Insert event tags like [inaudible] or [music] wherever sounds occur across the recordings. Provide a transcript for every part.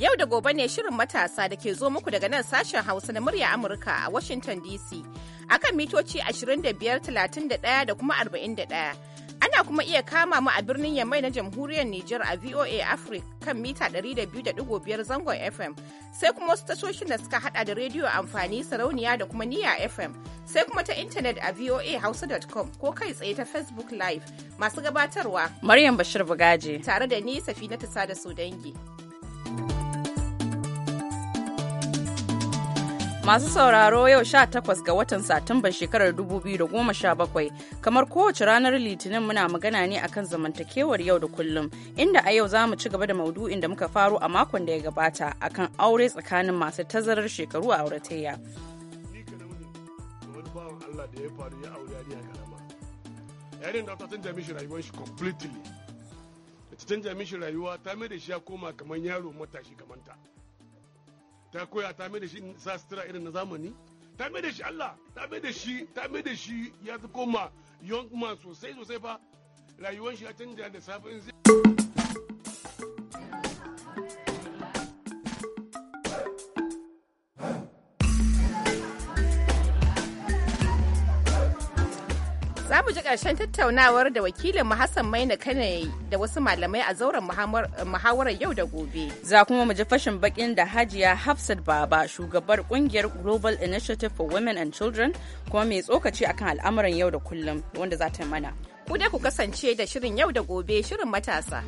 Yau da gobe ne shirin matasa da ke zo muku daga nan sashen Hausa na murya Amurka a Washington DC akan mitoci 25,31 da kuma 41. Ana kuma iya kama mu a birnin Yamai na Jamhuriyar Nijar a VOA Africa kan mita 200.5 zangon FM sai kuma wasu tashoshin da suka hada da rediyo amfani sarauniya da kuma niya FM sai kuma ta intanet a VOA voahausa.com ko kai tsaye ta Facebook Live masu gabatarwa. Maryam Bashir Bugaje. Tare da ni Safina tasa da su dangi. Masu sauraro yau sha 18 ga watan Satumban shekarar da goma 2017 kamar kowace ranar Litinin muna magana ne akan zamantakewar yau da kullum inda a yau za mu ci gaba da maudu'in da muka faro a makon da ya gabata akan aure tsakanin masu tazarar shekaru a auratayya. ta mai da shi ya koma kamar yaro matashi kamanta. ta koya ta mai da shi sa sutura irin na zamani ta mai da shi Allah ta mai da shi ta mai da shi ya koma young man sosai sosai fa rayuwar shi ya canja da safin zai Za mu ji ƙarshen tattaunawar da wakilin mu Hassan Maina Kane da wasu malamai a zauren muhawarar yau da gobe. Za kuma mu ji fashin bakin da Hajiya Hafsat Baba, shugabar kungiyar Global Initiative for Women and Children, kuma mai tsokaci akan al'amuran yau da kullum wanda za ta mana. Ku dai ku kasance da shirin yau da gobe shirin matasa.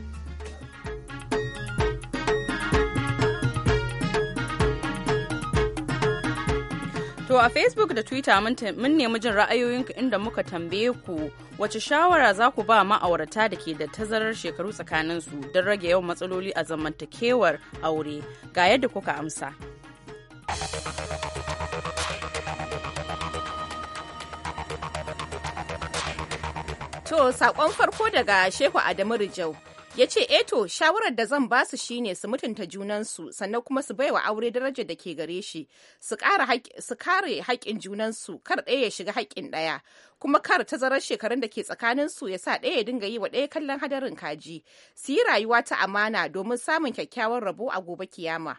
To a Facebook da Twitter mun nemi jin ra'ayoyinku inda muka tambaye ku wace shawara za ku ba ma'aurata da ke da tazarar shekaru tsakaninsu don rage yawan matsaloli a zamantakewar aure ga yadda kuka amsa. To, saƙon farko daga Shehu Adamu Rijau. ya ce eto eh shawarar da zan basu shine su mutunta junansu sannan kuma su baiwa aure darajar da ke gare shi su kare haƙƙin junansu kar ɗaya ya shiga haƙƙin ɗaya kuma kar tazarar shekarun da ke tsakaninsu ya sa ɗaya ya dinga yi wa ɗaya kallon hadarin kaji su yi rayuwa ta amana domin samun kyakkyawan rabo a gobe kiyama.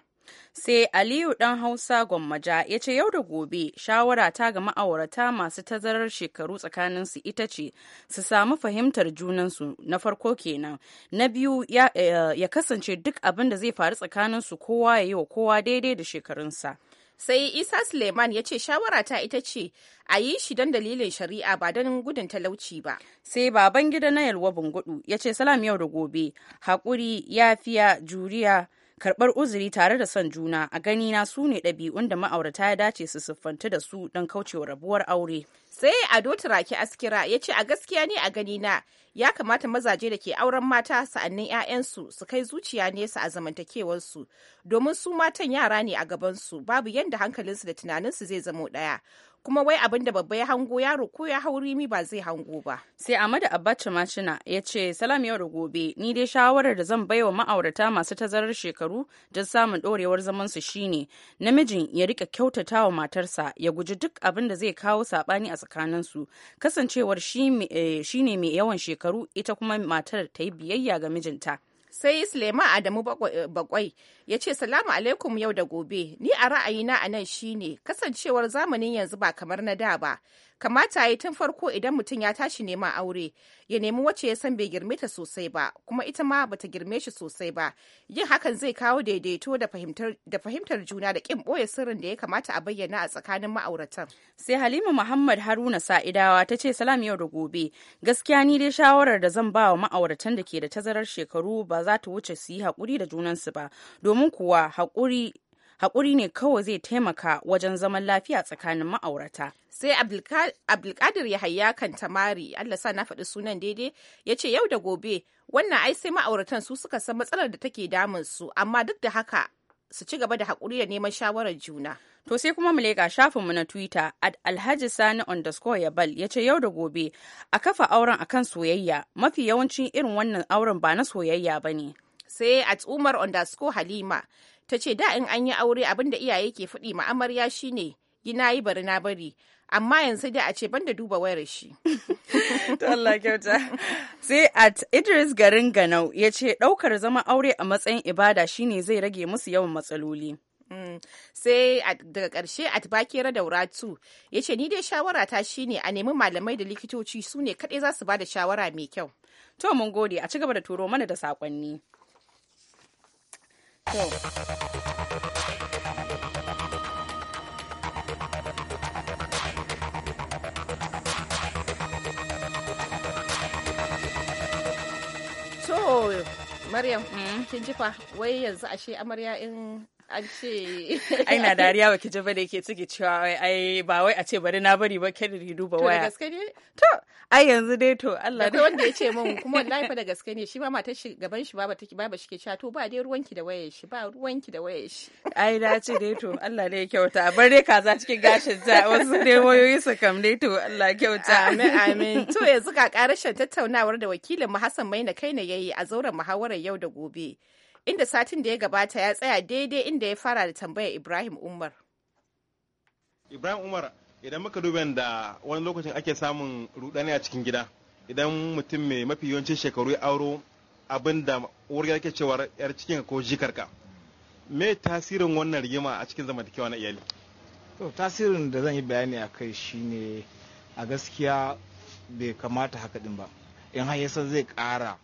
sai aliyu dan hausa gwammaja ya ce yau da gobe shawara ta ga ma'aurata masu tazarar shekaru tsakaninsu ita ce su samu fahimtar junansu na farko kenan na biyu ya, eh, kasance duk abin da zai faru tsakanin su kowa ya yi wa kowa daidai da shekarunsa sai isa suleiman ya ce shawara ta ita ce a yi shi don dalilin shari'a ba don gudun talauci ba sai baban gida na yalwa bungudu ya ce salam yau da gobe haƙuri yafiya juriya karɓar uzuri tare da son juna a ganina su ne ɗabi'un da ma'aurata ya dace su siffanta da su don kaucewa rabuwar aure. Sai Ado Turaki Askira ya ce a gaskiya ne a ganina ya kamata mazaje da ke auren mata sa'annin 'ya'yansu su kai zuciya nesa a zamantakewarsu domin su matan yara ne a gabansu babu yadda hankalinsu da tunaninsu zai zamo ɗaya kuma wai abin da babba ya hango yaro ko ya hau rimi ba zai hango ba. Sai Amadu Abacha Macina ya ce salam yau da gobe ni dai shawarar da zan baiwa ma'aurata masu tazarar shekaru don samun ɗorewar zamansu shine namijin ya rika kyautata wa matarsa ya guji duk abin da zai kawo saɓani a tsakaninsu kasancewar shi eh, mai yawan shekaru shekaru ita kuma matar ta yi biyayya ga mijinta. sai Suleiman Adamu eh, Bakwai ya ce salamu alaikum yau da gobe ni a ra'ayina a nan shine kasancewar zamanin yanzu ba kamar na da ba kamata yi tun farko idan mutum ya tashi neman aure ya nemi wacce ya san bai girme ta sosai ba kuma ita ma bata girme shi sosai ba yin hakan zai kawo daidaito da fahimtar juna da kin boye sirrin da ya kamata a bayyana a tsakanin ma'auratan sai halima muhammad haruna sa'idawa ta ce salam yau da gobe gaskiya ni dai shawarar da zan ba wa ma'auratan da ke da tazarar shekaru ba za ta wuce su yi haƙuri da junansu ba domin kuwa haƙuri haƙuri ne kawai zai taimaka wajen zaman lafiya tsakanin ma'aurata. Sai Abdulkadir Yahaya tamari Allah sa na faɗi sunan daidai, ya ce yau da gobe wannan ai sai ma'auratan su suka san matsalar da take damun su, amma duk da haka su ci gaba da haƙuri da neman shawarar juna. To sai kuma mu leƙa shafinmu na Twitter at Alhaji Sani underscore Yabal ya ce yau da gobe a kafa auren akan soyayya mafi yawancin irin wannan auren ba na soyayya ba ne. Sai at Umar underscore Halima ta ce da in an yi aure abin da iyaye ke faɗi ma amarya shine gina yi bari na bari amma yanzu dai a ce ban da duba wayar shi. [laughs] To Allah kyauta. Sai at Idris garin Ganau ya ce ɗaukar zama aure a matsayin ibada shine zai rage musu yawan matsaloli. Mm. sai daga ƙarshe at bakera daura tu ya ce ni dai shawara ta shine a nemi malamai da likitoci su ne kaɗai za su ba da shawara mai kyau. To mun gode a ci gaba da turo mana da sakonni. kill. So, Maryam, mm. kin ji fa wai yanzu ashe amarya in an ce [laughs] ai na dariya wa ji ba da yake ciki cewa wai ai ba wai a ce bari na bari ba kada ni duba waya to gaske ne to ai yanzu dai to Allah da wanda ya ce min [laughs] kuma wallahi fa da gaske ne shi ma matar shi gaban shi ba take shi ke cewa to ba dai ruwanki da wayar shi ba ruwanki da wayar shi ai da ce dai to Allah ne ya kyauta bar dai kaza cikin gashin ta wasu dai wayoyi su kam dai to Allah kyauta amin amin [laughs] to yanzu ka karashin tattaunawar da wakilin mu Hassan Maina kai ne yayi a zauren muhawarar yau da gobe inda satin da ya gabata ya tsaya daidai inda ya fara da tambayar Ibrahim Umar. Ibrahim Umar idan muka duba da wani lokacin ake samun rudani a cikin gida idan mutum mai mafi yawancin shekaru ya auro abin da wurga yake cewar yar cikin ko jikarka me tasirin wannan rigima a cikin zamantakewa na iyali to tasirin da zan yi bayani a kai shine a gaskiya bai kamata haka din ba in har yasa zai kara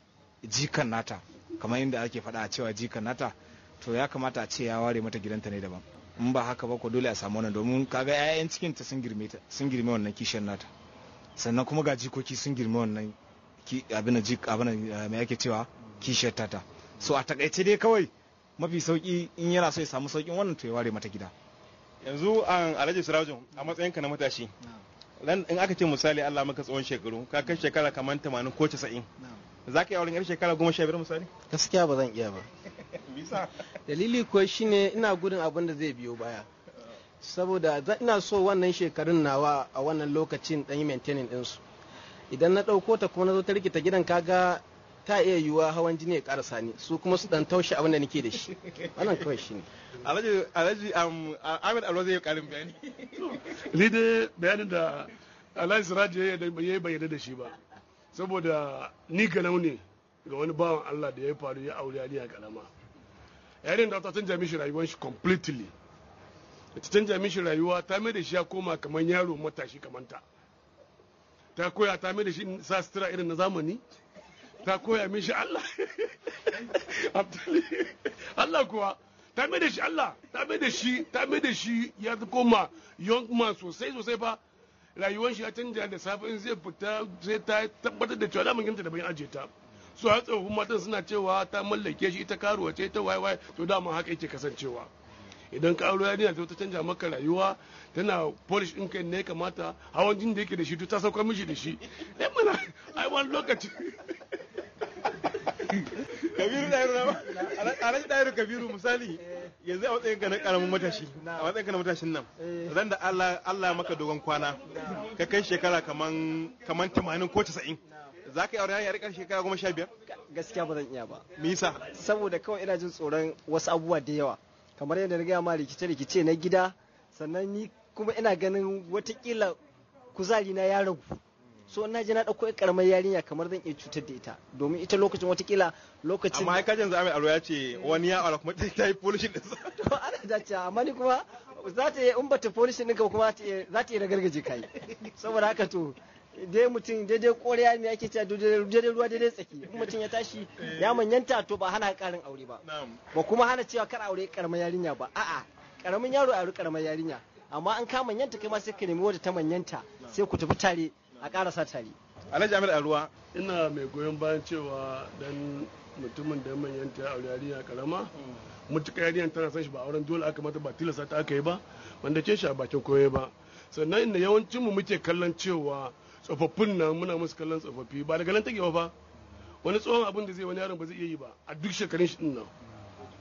jikan nata kamar yadda ake faɗa a cewa jika nata to ya kamata a ce ya ware mata gidanta ne daban in ba haka ba ko dole a samu wannan domin kaga 'ya'yan cikin ta sun girme ta sun girme wannan kishiyar nata sannan kuma ga jikoki sun girme wannan abin da jik abin da eh, mai ake cewa kishiyar tata so a takaice dai kawai mafi sauki in yana so ya samu saukin wannan to ya ware mata gida yanzu an um, alhaji sirajun a matsayinka na matashi in aka ce misali Allah maka tsawon shekaru ka kai shekara kamar 80 ko 90 za ka yi auren yar shekara goma sha biyar misali gaskiya ba zan iya ba [laughs] dalili kuwa shine ina gudun abin da zai biyo baya saboda ina so wannan shekarun nawa a wannan lokacin dan yi maintaining ɗinsu idan na ɗauko ta kuma na zo ta rikita gidan kaga ta iya yiwuwa hawan jini ya karasa ni su kuma su dan taushe abin da nake da shi wannan kawai shi ne alhaji alhaji um, ahmed alwa zai yi karin bayani ni dai bayanin da alhaji siraji ya yi bayyana da shi ba saboda ni ganau ne ga wani bawan Allah da ya faru ya aure yarinya karama yarin da ta canja mishi rayuwar shi completely ta canja mishi rayuwa ta mai da shi ya koma kamar yaro matashi kamar ta ta koya ta mai da shi sa sutura irin na zamani ta koya mishi Allah [laughs] Allah kuwa ta mai da shi Allah ta mai da shi ta mai da shi ya koma young man sosai sosai ba rayuwar shi ya canja da safe in zai fita sai ta tabbatar da cewa da ganta da bayan aje ta su har tsofaffin matan suna cewa ta mallake shi ita karuwa ce ta waye to dama haka yake kasancewa idan ka aure yarinya ta canja maka rayuwa tana polish din kai ne kamata hawan jin da yake da shi to ta sauka mishi da shi eh, ai wani kabiru na na dairu alhaji dairu kabiru misali yanzu a matsayin ka na karamin matashi a matsayin ka na matashin nan zan da Allah Allah maka dogon kwana ka kai shekara kaman kaman 80 ko 90 za ka yi aure ya rika shekara goma sha biyar gaskiya ba zan iya ba misa saboda kawai ina jin tsoron wasu abubuwa da yawa kamar yadda na gaya ma rikice-rikice na gida sannan ni kuma ina ganin watakila kuzari na ya ragu so na ji na ɗauko karamar yarinya kamar zan iya cutar da ita domin ita lokacin watakila lokacin amma ka jin zami aro ya ce wani ya ara kuma ta yi polishin ɗinsa [laughs] to ana da ce amma ni kuma za ta yi in ba ta polishin ɗinka kuma za ta yi ragargaje kai saboda haka to dai mutum daidai koriya ne ake cewa daidai ruwa daidai tsaki in mutum ya tashi eh. ya manyanta to ba hana karin aure ba ba kuma hana cewa kar aure karamar yarinya ba a'a karamin yaro a karamar yarinya amma an ka manyanta kai ma sai ka nemi wadda ta manyanta sai ku tafi tare a karasa tare alhaji amir aruwa ina mai goyon bayan cewa dan mutumin da manyanta ya aure yarinya karama mm. mutuka yarinyar tana son shi ba auren dole aka mata ba tilasta ta aka yi ba wanda ke shi a bakin koye ba sannan inda yawancin mu muke kallon cewa tsofaffin nan muna musu kallon tsofaffi ba daga nan take ba wani tsohon abin da zai wani yaron ba zai iya yi ba a duk shekarun shi din nan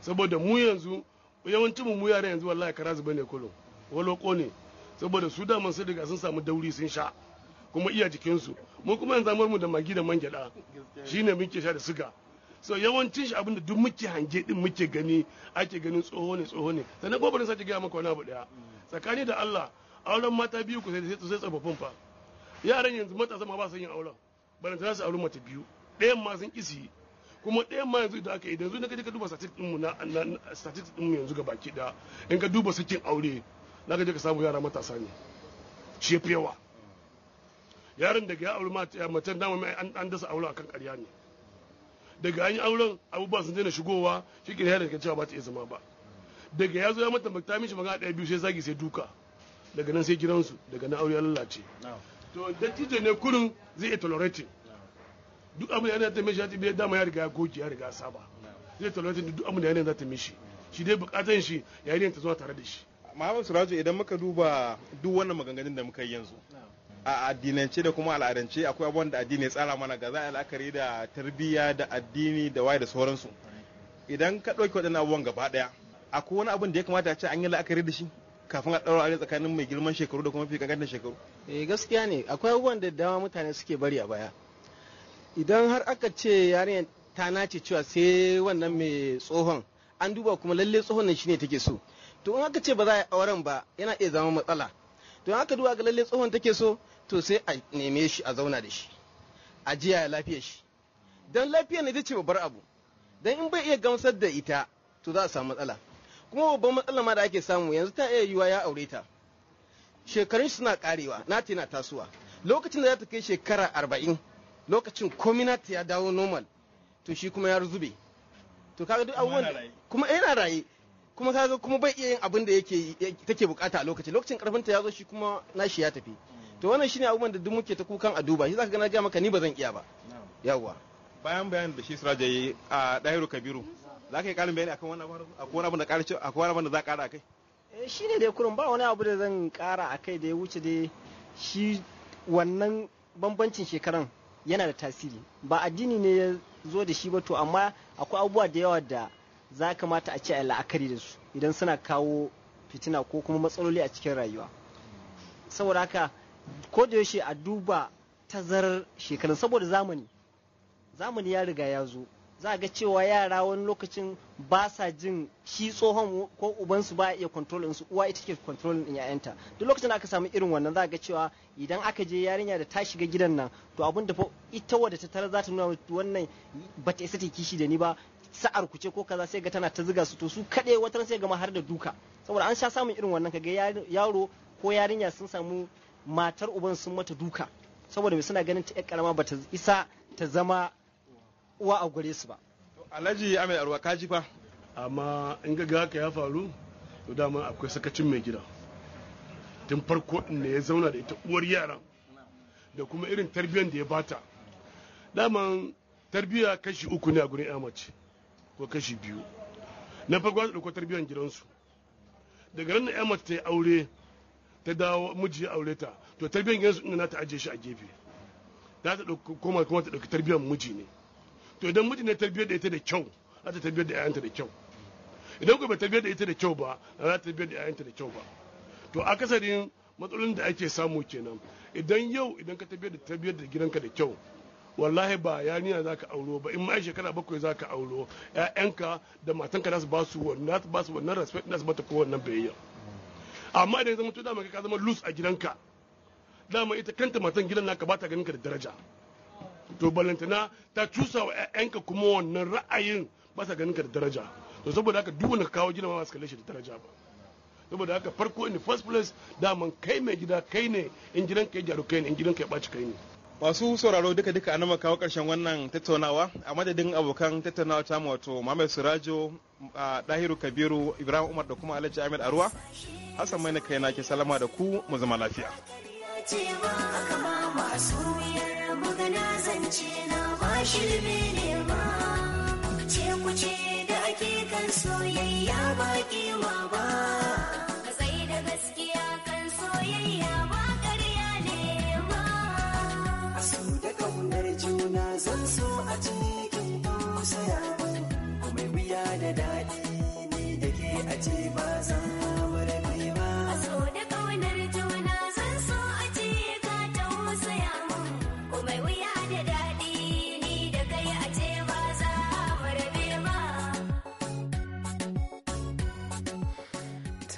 saboda mu yanzu yawancin mu yaran yanzu wallahi karazu bane kullum kullum ko ne saboda su da man sai daga sun samu dauri sun sha kuma iya jikinsu mu kuma yanzu zamar mu da magi da man gyada shine muke sha da suga so yawancin shi abinda duk muke hange din muke gani ake ganin tsoho ne tsoho ne sannan gobarin sace gaya maka wani abu daya tsakani da Allah auren mata biyu ku sai sai tsofaffin fa yaran yanzu matasa ma ba su yin auren balanta su auren mata biyu ɗayan ma sun kisi kuma ɗayan ma yanzu da aka yi da yanzu na kaje ka duba statistics mu na statistics mu yanzu ga baki da in ka duba sakin aure na kaje ka samu yara matasa ne shi yawa yaron daga ya auri mace dama mai an dasa aure akan ƙarya ne daga an yi auren abubuwa sun daina shigowa shi ke da ke cewa ba ta iya zama ba daga ya zo ya mata ta mishi magana ɗaya biyu sai zagi sai duka daga nan sai gidansu daga nan aure ya lalace to dattijo ne kurin zai iya tolerating duk abin da yana ta mishi ya tibe dama ya riga ya goge ya riga ya saba zai tolerating duk abin da yana za ta mishi shi dai bukatan shi yayin ta zuwa tare da shi Muhammad Surajo idan muka duba duk wannan maganganun da muka yi yanzu a addinance da kuma al'adance akwai abubuwan da addini ya tsara mana ga za a la'akari da tarbiyya da addini da waye da sauransu idan ka ɗauki waɗannan abubuwan gaba ɗaya akwai wani abin da ya kamata a ce an yi la'akari da shi kafin a ɗaura aure tsakanin mai girman shekaru da kuma fi kankantar shekaru eh gaskiya ne akwai abubuwan da dama mutane suke bari a baya idan har aka ce yarinyar ta nace cewa sai wannan mai tsohon an duba kuma lalle tsohon nan shine take so to in aka ce ba za a yi auren ba yana iya zama matsala to in aka duba ga lalle tsohon take so to sai a neme shi a zauna da shi a jiya ya lafiyar shi don lafiyar ne ce babbar abu don in bai iya gamsar da ita to za a samu matsala kuma babban matsala ma da ake samu yanzu ta iya yiwa ya aure ta shekarun shi suna karewa nata yana tasowa lokacin da za ta kai shekara arba'in lokacin kominati nata ya dawo normal to shi kuma ya zube to kaga duk abubuwan kuma yana raye kuma kaga kuma bai iya yin abin da yake take bukata a lokacin lokacin karfinta ya zo shi kuma nashi ya tafi to wannan shine abubuwan da duk muke ta kukan a duba shi zaka ga na ga maka ni ba zan iya ba yawa bayan bayan da shi suraje yi a dahiru kabiru za ka yi karin bayani akan wani abu da ƙara akwai wani abu da za kara akai eh shine dai kurun ba wani abu da zan ƙara akai da ya wuce dai shi wannan bambancin shekaran yana da tasiri ba addini ne ya zo da shi ba to amma akwai abubuwa da yawa da za kamata a ce a la'akari da su idan suna kawo fitina ko kuma matsaloli a cikin rayuwa saboda haka ko da yaushe a duba tazarar shekarun saboda zamani zamani ya riga ya zo za ga cewa yara wani lokacin ba sa jin shi tsohon ko ubansu ba iya kontrolin su uwa ita ke kontrolin din yayanta duk lokacin da aka samu irin wannan za ga cewa idan aka je yarinya da ta shiga gidan nan to abin da ita wadda ta tara za ta nuna wannan ba ta isa ta kishi da ni ba sa'ar kuce ko kaza sai ga tana ta ziga su to su kaɗai watan sai gama har da duka saboda an sha samun irin wannan kaga yaro ko yarinya sun samu matar uban sun mata duka saboda mai suna ganin ta yar karama bata isa ta zama uwa a gure su ba alhaji amai arwa kaji fa amma in ga haka ya faru to dama akwai sakacin mai gida tun farko ne ya zauna da ita uwar yaran da kuma irin tarbiyyar da ya bata daman tarbiyya kashi uku ne a gurin ya ko kashi biyu na farko za su ɗauko tarbiyyar gidansu daga ranar da ta yi aure ta dawo miji ya aure ta to tarbiyyar yanzu ina ta ajiye shi a gefe za ta koma kuma ta ɗauki tarbiyyar miji ne to idan miji ne tarbiyyar da ita da kyau za ta tarbiyyar da 'ya'yanta da kyau idan kuma tarbiyyar da ita da kyau ba za ta tarbiyyar da 'ya'yanta da kyau ba to akasarin matsalolin da ake samu kenan idan yau idan ka tafiyar da tafiyar da gidanka da kyau wallahi ba yarinya za ka auro ba in ma'ai shekara bakwai za ka auro 'ya'yanka da matanka za su ba su wannan respect za su mata ko wannan biyayya amma idan zama to dama ka zama loose a gidanka dama ita kanta matan gidan naka ba ta ganin ka da daraja to balantana ta cusa wa 'ya'yanka kuma wannan ra'ayin ba sa ganin ka da daraja to saboda haka duk wanda ka kawo gidan ba su kalle shi da daraja ba saboda haka farko in the first place daman kai mai gida kai ne in gidan ka ya gyaru kai ne in gidan ka ya ɓaci kai ne Masu sauraro duka duka an kawo karshen wannan tattaunawa a madadin abokan tattaunawa ta wato Muhammad Surajo, Dahiru Kabiru, Ibrahim Umar da kuma Alhaji Ahmed Arwa. Hassan Maina kai na ke salama da ku mu zama lafiya. Ce ku ce da ake kan soyayya ba ba.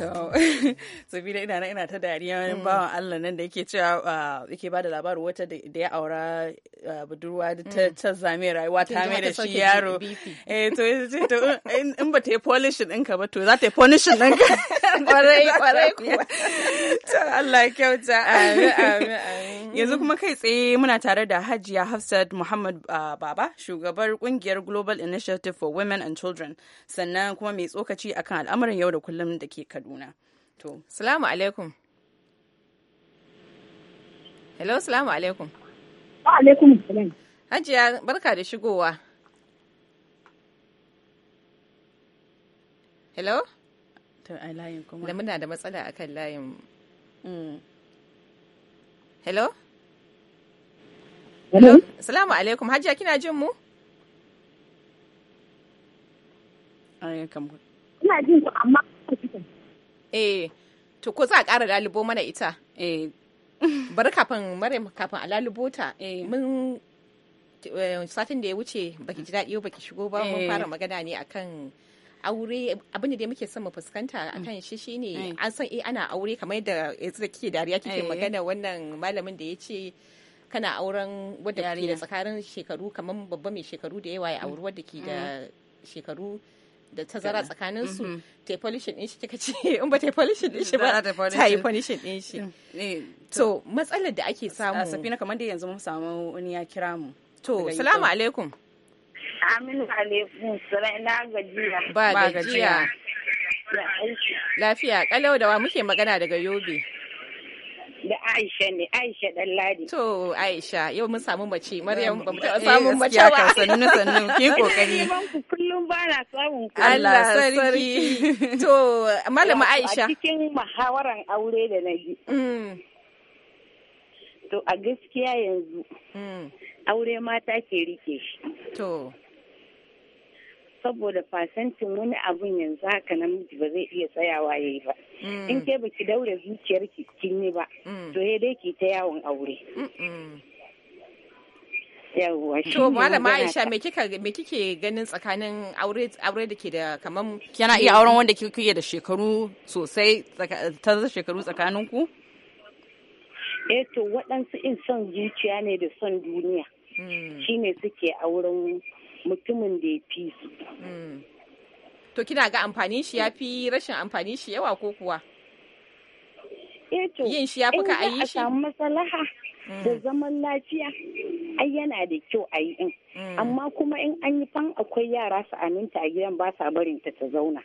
[laughs] sabida ina ina ta dariya hmm. bawan Allah nan da yake cewa uh, yake ba da labarin wata da ya aura uh, budurwa ta hmm. ta zame rayuwa ta mai da shi yaro eh to in ba ta yi polishin ka ba to za ta yi polishin ka [laughs] kwarai kwarai [laughs] kuwa to Allah kyauta amin amin amin Yanzu kuma kai tsaye muna tare da Hajiya Hafsat Muhammad uh, Baba, shugabar kungiyar Global Initiative for Women and Children, sannan kuma mai tsokaci akan al'amuran yau da kullum da ke Kaduna. To, salamu alaikum. Hello, salamu alaikum. Wa alaikum salam. Hajiya, barka da shigowa. Hello? To, a layin kuma. Da muna da matsala akan layin. Hello? Hello? Salamu alaikum. Hajiya kina jin mu? Kina jin ku amma Eh, to ko za a ƙara lalubo mana ita? Eh. [laughs] Bari kafin Maryam kafin a lalubo ta. Eh. eh. Mun eh, satin da ya wuce baki ji daɗi baki shigo ba mun eh. fara magana ne akan aure abin da muke son mu fuskanta kan shi shine mm. an san eh ana aure kamar yadda yanzu kike dariya kike magana wannan malamin da ya ce kana auren wadda ke da tsakanin shekaru kamar babba mai shekaru da yawa ya mm. auri wadda ke da mm. shekaru da tazara tsakanin su mm-hmm. ta polishin din shi kika ce [laughs] in ba ta polishin din shi ba ta yi polishin din shi eh, to matsalar da ake samu safina kamar da yanzu mun samu wani ya kira mu to salamu alaikum Aminu alaikum salam na gajiya. Ba gajiya. Lafiya kalau da wa muke magana daga Yobe. Da Aisha ne, Aisha Ladi. To Aisha, yau mun samu mace, Maryam ba mu taɓa eh, samun mace ba. Sannu sannu, ki kokari. Kullum ba na samun ku. Allah sarki. To Malama Aisha. A cikin muhawaran aure da na ji. Mm. To a gaskiya yanzu. Mm. Aure mata ke rike shi. To. saboda fasantin wani abun yanzu haka namiji ba zai iya tsayawa ya yi ba mm. in ke baki daure zuciyar ki kin yi ba mm. to ya dai ki ta yawon aure yawwa to malama Aisha me kika me kike ganin tsakanin aure aure da ke da kaman yana iya auren wanda kike da shekaru sosai ta shekaru tsakanin ku eh to waɗansu in son zuciya ne da son duniya mm. shine suke auren mutumin da ya fi su. Hmm. To kina ga amfanin shi ya fi rashin amfanin shi yawa ko kuwa? Eh Yin shi ya fi ka ayi shi? samu matsalaha da hmm. zaman lafiya ai yana da kyau a yi in. Hmm. Amma kuma in an yi fan akwai yara su aminta a gidan ba sa barin ta ta zauna.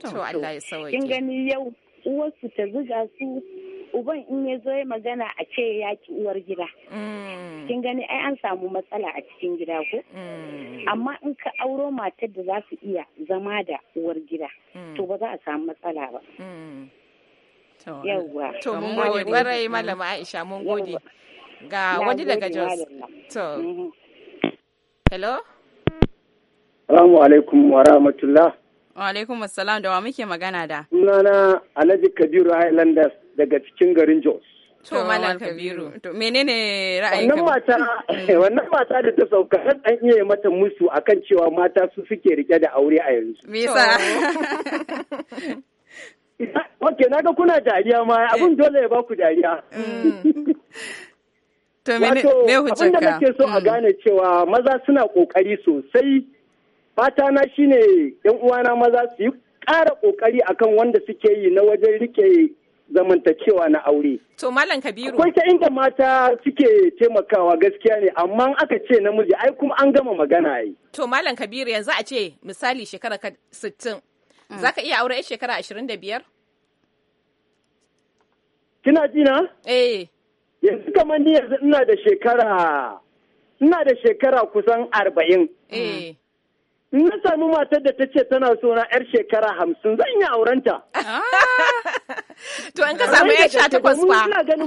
To Allah ya In gani yau uwarsu ta zuga su uban in ya zo ya magana a ce ya ki uwar gida mm. kin gani ai an samu matsala a cikin gida ko mm. amma in ka auro matar da za su iya zama da uwar gida mm. to ba za a samu matsala ba yawwa to mun gode warai malama aisha mun gode ga wani daga jos to mm-hmm. hello Assalamu alaikum wa rahmatullah. Wa alaikum assalam da wa muke magana da? Sunana Alhaji Kabiru Highlanders daga cikin garin Jos. To Malam Kabiru, to menene ra'ayinka? Wannan mata, mm. [laughs] wannan mata da ta sauka har an iya mata musu akan cewa mata su suke rike da aure a yanzu. Misa. [laughs] Ok, na ga kuna dariya ma, abin dole ya ba ku dariya. Mm. To me abinda nake so a mm. gane cewa maza suna kokari sosai, fata na shine yan uwana maza su yi ƙara kokari akan wanda suke yi na wajen rike zamantakewa na aure. To Malam Kabiru. Akwai ta inda mata suke taimakawa gaskiya ne amma aka ce namiji ai kuma an gama magana yi. To Malam Kabiru yanzu a ce misali shekara ka sittin. Mm. Za ka iya aure shekara ashirin da biyar? Kina jina? Eh. Yanzu kamar ni yanzu ina da shekara ina da shekara kusan arba'in. Eh. na sami matar da ta ce tana sona 'yar shekara hamsin zan yi aurenta. [laughs] Ah! To an ka samu ya sha takwas fa.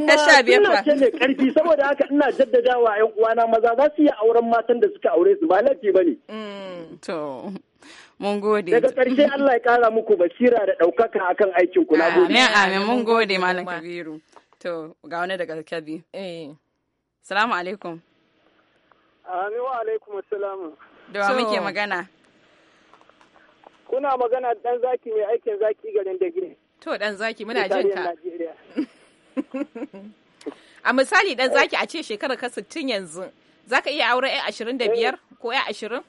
Ya sha biyar fa. Ina ce mai karfi saboda haka ina jaddadawa ƴan uwana maza za su iya auren matan da suka aure su ba laifi ne. Mm, to. Mun gode. Daga ƙarshe Allah ya ƙara muku basira da ɗaukaka akan aikin ku. Na Amin amin mun gode Malam Kabiru. To ga wani daga Kabi. Eh. Salamu alaikum. Amin wa alaikum assalamu. Da wa muke magana? Kuna magana dan zaki mai aikin zaki garin da gini. To dan zaki muna jin ka. [laughs] A misali dan zaki a ce shekarar ka 60 yanzu za ka iya auren 'yan 25 ko 'yan 20?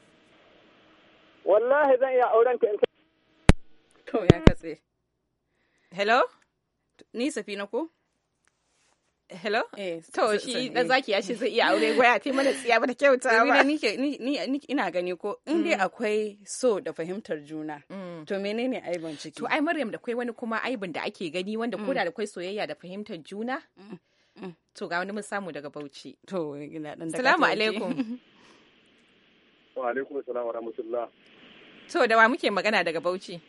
Wallahi zan iya auren ka in ka. To ya katse. Hello? Ni safi na ko? hello eh, to shi dan eh. zaki ya ce zai iya aure gwaya ta mana tsiya ba ta kyauta ba ni ina gani ko in dai mm. akwai so da fahimtar juna mm. to menene aibin ciki to ai maryam da kai wani kuma aibin da ake gani wanda koda mm. da kai soyayya da fahimtar juna to ga wani mun samu daga bauchi to ina dan daga alaikum [laughs] wa alaikum assalam wa rahmatullah to da wa muke magana daga bauchi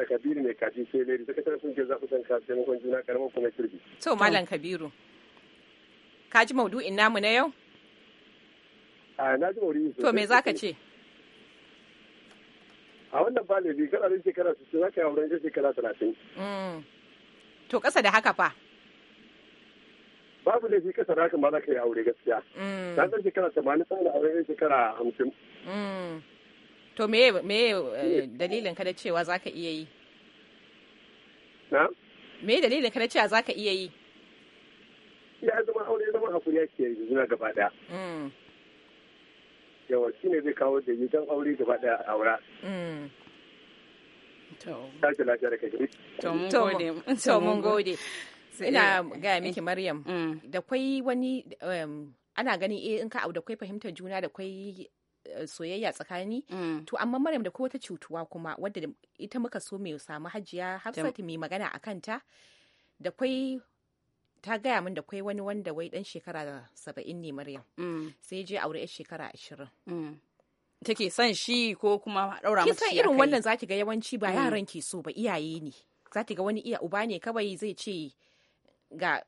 da kabiru mai kaji sai lady ke kungiyar zaɓuɓɓukan kasu taimakon juna karamar kuma kirki. to malam kabiru ka ji maudu'in namu na yau. a na ji maudu'in to me ka ce. a wannan ba ne kana da shekara sittin haka yawon ranar shekara talatin. Mm. to kasa da haka fa. babu da shi kasa da haka ma za ka yi aure gaskiya. ta mm. zan shekara tamanin tsarin aure shekara hamsin. Mm. to me me eh, dalilin ka da cewa za ka iya yi na me dalilin ka da cewa za ka iya yi ya zama aure zama hakuri ke yanzu zuna gaba daya mm. yawa ne zai kawo da yi aure gaba daya a aura mm. Tashi To mun gode. [laughs] Ina gaya miki Maryam. Eh, mm. Da kwai wani ana ganin eh in ka abu da kwai fahimtar juna da kwai Eh, soyayya tsakani mm. to amma maryam da ko wata cutuwa kuma wadda ita muka so mai samu hajiya hafsatu mai magana a kanta da kwai ta gaya min da kwai wani wanda wai dan shekara da saba'in ne maryam mm. sai je aure shekara ashirin mm. take son shi ko kuma daura mata shi irin wannan zaki ga yawanci ba yaran ke so ba iyaye ne zaki ga wani iya uba ne kawai zai ce ga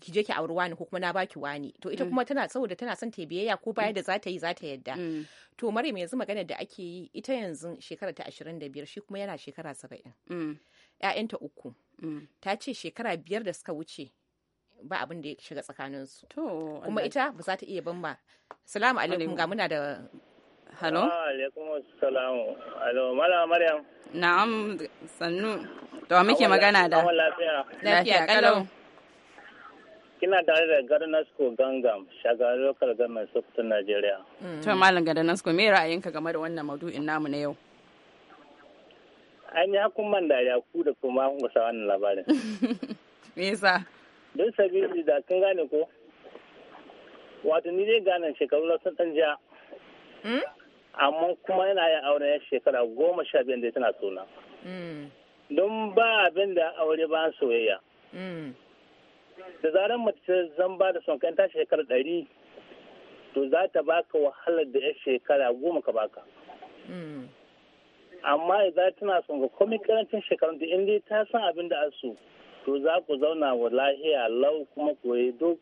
ki je ki auri wani ko kuma na baki wani to ita mm. kuma tana saboda tana son ta biyayya ko baya mm. da za ta yi za ta yadda mm. to maryam yanzu magana da ake yi ita yanzu shekara ta ashirin da biyar shi kuma yana shekara saba'in. ƴaƴanta uku ta ce shekara biyar da suka wuce ba abin da ya shiga tsakaninsu kuma ita ba za ta iya ban ma salamu alaikum ga muna da Halo? Alaikum salamu. Halo, Mala Maryam. Na'am, sannu. Da muke magana da? Lafiya. Lafiya, kalau. kina tare da Garnasko Gangam, shagarar lokal government Sokoto Najeriya. Mm. To Malam Garnasko, me ra'ayinka game da wannan maudu'in namu na yau? An yi hakuman da ya ku da kuma kun sa wannan labarin. [laughs] Me yasa? Don sabili da kin gane ko? Wato ni dai gane shekaru na sun ɗan hmm? Amma kuma yana yin aure auren shekara goma sha biyar da tana suna. Hmm. Don ba abin da aure ba soyayya. Hmm. da zaran mace zan ba da son kanta shekara ɗari to za ta baka wahalar da ya shekara goma ka baka amma idan tana son ga komai karancin shekarun da in dai ta san abin da asu to za ku zauna wa lahiya lau kuma koyi yi duk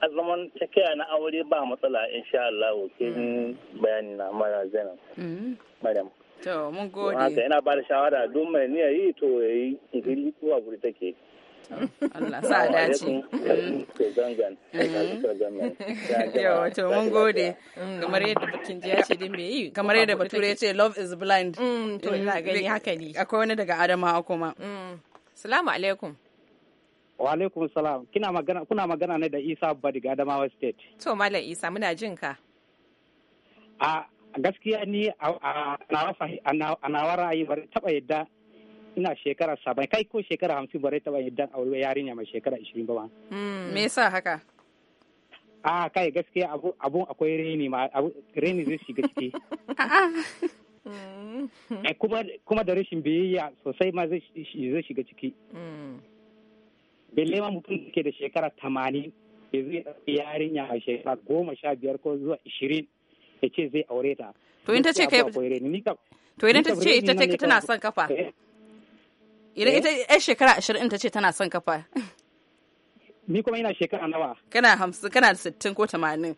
azaman cikiya na aure ba matsala insha Allah kin bayani na mara zainab madam to mun gode haka yana ba da shawara duk mai niyyar yi to yayi digiri ko guri take Allah sa dace. Mm. Yawa mm. [laughs] to mun gode. Mm, kamar yadda bakin ji ya ce dai bai yi. Kamar yadda bature ya ce love is blind. To ina gani haka ne. Akwai wani daga Adama kuma. Salamu alaikum. Wa alaikum salam. Kina magana kuna magana ne da Isa Badiga Adamawa State. To Malam Isa muna jin ka. A gaskiya ni a nawa ra'ayi bari taba yadda ina shekara saba'in kai ko shekara hamsin bare taɓa idan aure yarinya mai shekara ishirin ba ma. Hmm, me yasa haka? a kai gaskiya abun akwai reni ma reni zai shiga ciki. [laughs] Hmm. Eh, kuma da rashin biyayya sosai ma zai shiga ciki. Hmm. Belle ma mutum ke da shekara tamanin ya zai ɗauki yarinya a shekara goma sha biyar ko zuwa ishirin ya ce zai aure ta. To in ta ce kai to idan ta ce ita ce tana son kafa. Eh, Idan eh? ita yar shekara ashirin ta ce tana son kafa. Ni kuma ina shekara nawa. Kana hamsin kana sittin ko tamanin.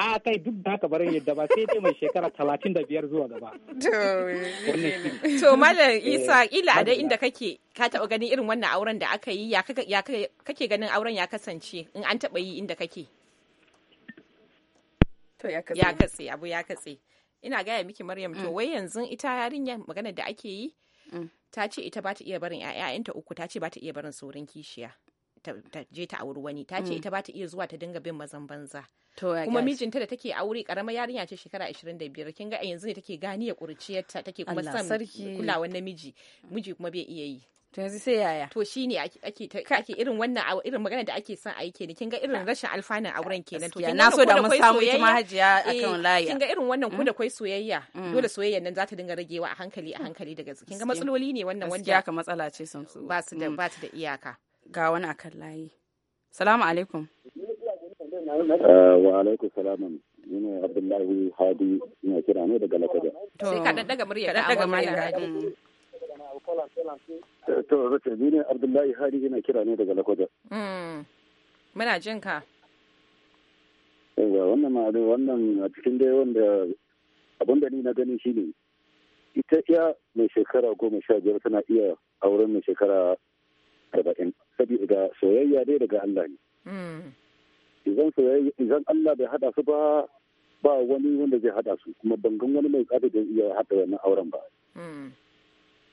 a kai duk da haka barin yadda ba sai dai mai shekara talatin da biyar zuwa gaba. To malam Isa eh, ila a dai inda kake ka taɓa ganin irin wannan auren da aka yi ya kake ganin auren ya kasance in an taɓa yi inda kake. To ya katse. Ya katse abu ya katse. Ina gaya miki Maryam to mm. wai yanzu ita yarinya magana da ake yi. Mm. ta ce ita ba ta iya barin 'ya'yanta uku ta ce ba ta iya barin saurin kishiya ta je ta auri wani ta ce mm. ita ba ta iya zuwa ta dinga bin mazan banza kuma mijinta da take aure karamar yarinya ce shekara 25 kin ga yanzu ne take gani ya kurciyarta take kuma son kulawan namiji miji kuma bai iya yi to yanzu sai yaya to shine ake ake irin wannan irin magana da ake son yi kenan kin ga irin rashin alfanun auren kenan to na so da mun samu ita hajiya akan eh, layi kin ga irin wannan ku da mm. kai soyayya mm. dole soyayyan nan za ta dinga ragewa a hankali a mm. hankali daga kin ga matsaloli ne wannan wanda ya ka matsala ce sun su ba su da ba da iyaka ga wani akan layi salamu alaikum eh, wa alaikum salam ina abdullahi hadi ina kira ne daga lakada. sai ka daddaga murya ka daddaga murya To, Abdullahi Hari yana kira ne daga Lakwaja. Hmm. Muna jin ka. Yawa, wannan ma'adai wannan a cikin dai wanda abin da ni na gani shi ne. Ita iya mai shekara goma sha biyar tana iya auren mai shekara arba'in. Saboda soyayya dai daga Allah ne. Hmm. Idan soyayya, idan Allah bai hada su ba ba wani wanda zai haɗa su kuma bangan wani mai tsari da iya hada wannan auren ba. Hmm.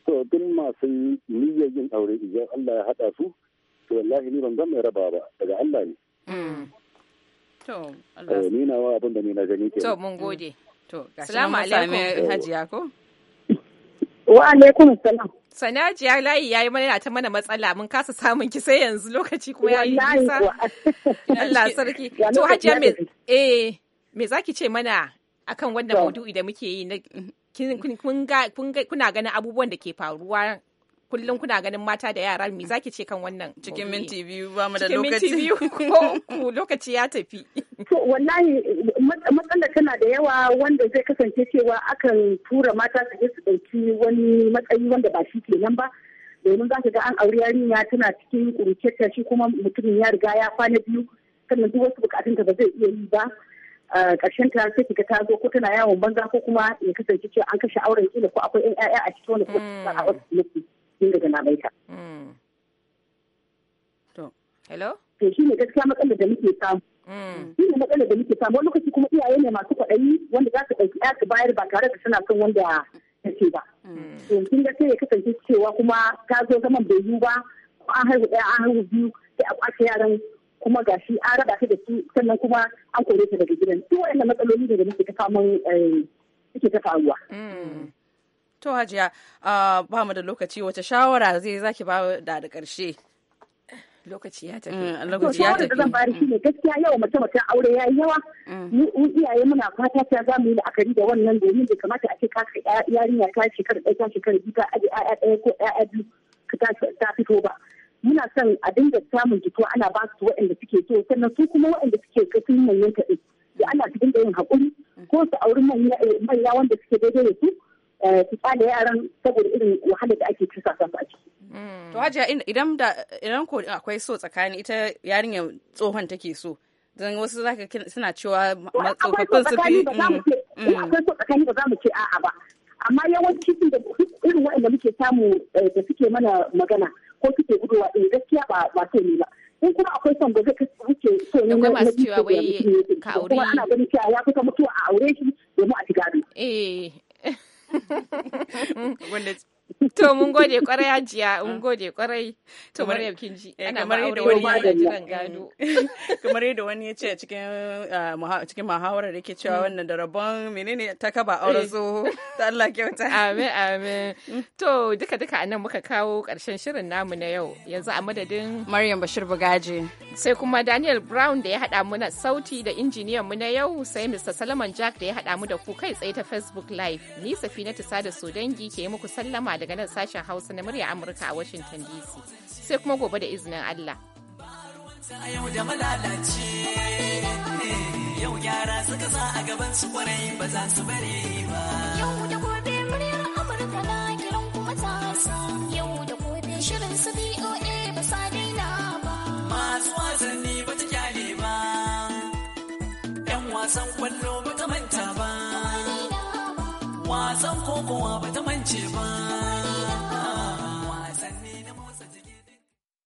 so duk masu niyyar yin aure idan Allah ya haɗa su to wallahi ni ban ga mai raba ba daga Allah ne mm. to Allah eh, ni na wa abin da ni na gani ke to mun gode to assalamu alaikum hajiya ko wa alaikum salam sanajiya layi ya yi mana ta mana matsala mun kasa samun ki sai yanzu lokaci kuma ya yi nisa [laughs] Allah sarki to hajiya me eh me zaki ce mana akan wannan maudu'i da muke yi kuna ganin abubuwan da ke faruwa kullum kuna ganin mata da yara me zaki ce kan wannan cikin minti biyu ba mu da lokaci cikin minti biyu ko [laughs] lokaci ya tafi to wallahi matsalar tana da yawa wanda zai kasance cewa akan tura mata su je su dauki wani matsayi wanda ba shi kenan ba domin za ka ga an aure yarinya tana cikin kuruce shi kuma mutumin ya riga ya kwana biyu sannan duk wasu bukatun ta ba zai iya yi ba karshen ta sai kika ta zo ko tana yawon banza ko kuma ya kasance cewa an kashe auren kila ko akwai 'yan 'ya'ya a cikin wani ko mm. a wasu nufi sun daga na baita. Mm. Hello? To shi ne gaskiya matsalar da muke samu. Mm. Shi ne matsalar da muke samu wani lokaci kuma iyaye ne masu kwaɗayi wanda za su ɗauki ya su bayar ba tare da suna son wanda ya ce ba. To kin ga sai ya kasance cewa kuma ta zo zaman bai yi ba Ko an haihu ɗaya an haihu biyu sai a ƙwace yaran kuma ga shi an raba shi da su sannan kuma an kore shi daga gidan duk wanda matsaloli da muke ta faman eh, suke ta faruwa. Mm. To Hajiya ah, ba mu da lokaci wace shawara zai zaki ba da da ƙarshe. lokaci ya tafi. Mm, lokaci ya tafi. zan shi shine mm. gaskiya yawa mace mace aure yayi yawa. Mu iyaye muna fata ta za mu yi la'akari da wannan domin bai kamata a ce ka yarinya ta shekara ɗaya ta shekara biyu ta aji ɗaya ko ɗaya biyu ta fito ba. muna son a dinga samun jiko ana ba su waɗanda suke so sannan su kuma waɗanda suke kafin sun manyan kaɗai da ana su dinga yin haƙuri ko su auri manya eh, wanda suke daidai da su eh, su tsada yaran saboda irin wahala da ake cusa su a ciki. Hmm. To Hajiya idan da idan ko akwai so tsakanin ita yarinyar tsohon take so don wasu zaka suna cewa tsofaffin su fi. Hmm, hmm. Akwai so tsakani ba za mu ce a'a ba amma yawanci sun da irin waɗanda muke samu eh, da suke mana magana ko suke gudowa in eh, gaskiya ba ba sai ne ba in kuma akwai son da zai kasu wuce so ne na masu cewa wai ka aure kuma ana ganin cewa ya kusa mutuwa a aure shi domin a shiga ne eh [laughs] To mun gode kwarai hajiya, mun gode kwarai. To Maryam kin ji eh, ana ma aure wani ya gado. [laughs] Kamar yadda wani ya ce cikin cikin muhawarar yake cewa mm. wannan da rabon menene ta kaba aure zo eh. ta Allah kyauta. [laughs] Amin amin. Mm. To duka duka anan muka kawo karshen shirin namu na yau. Yanzu a madadin Maryam Bashir Bugaje. Sai kuma Daniel Brown da ya haɗa mu na sauti da injiniyan mu na yau sai Mr. Salman Jack da ya haɗa mu da ku kai tsaye ta Facebook Live. Ni Safina Tusa da Sodangi ke muku sallama daga nan sashen Hausa na murya Amurka a Washington DC. Sai kuma gobe da izinin Allah. wasan kwallo ba ta manta ba. wasan kokowa ba ta mance ba.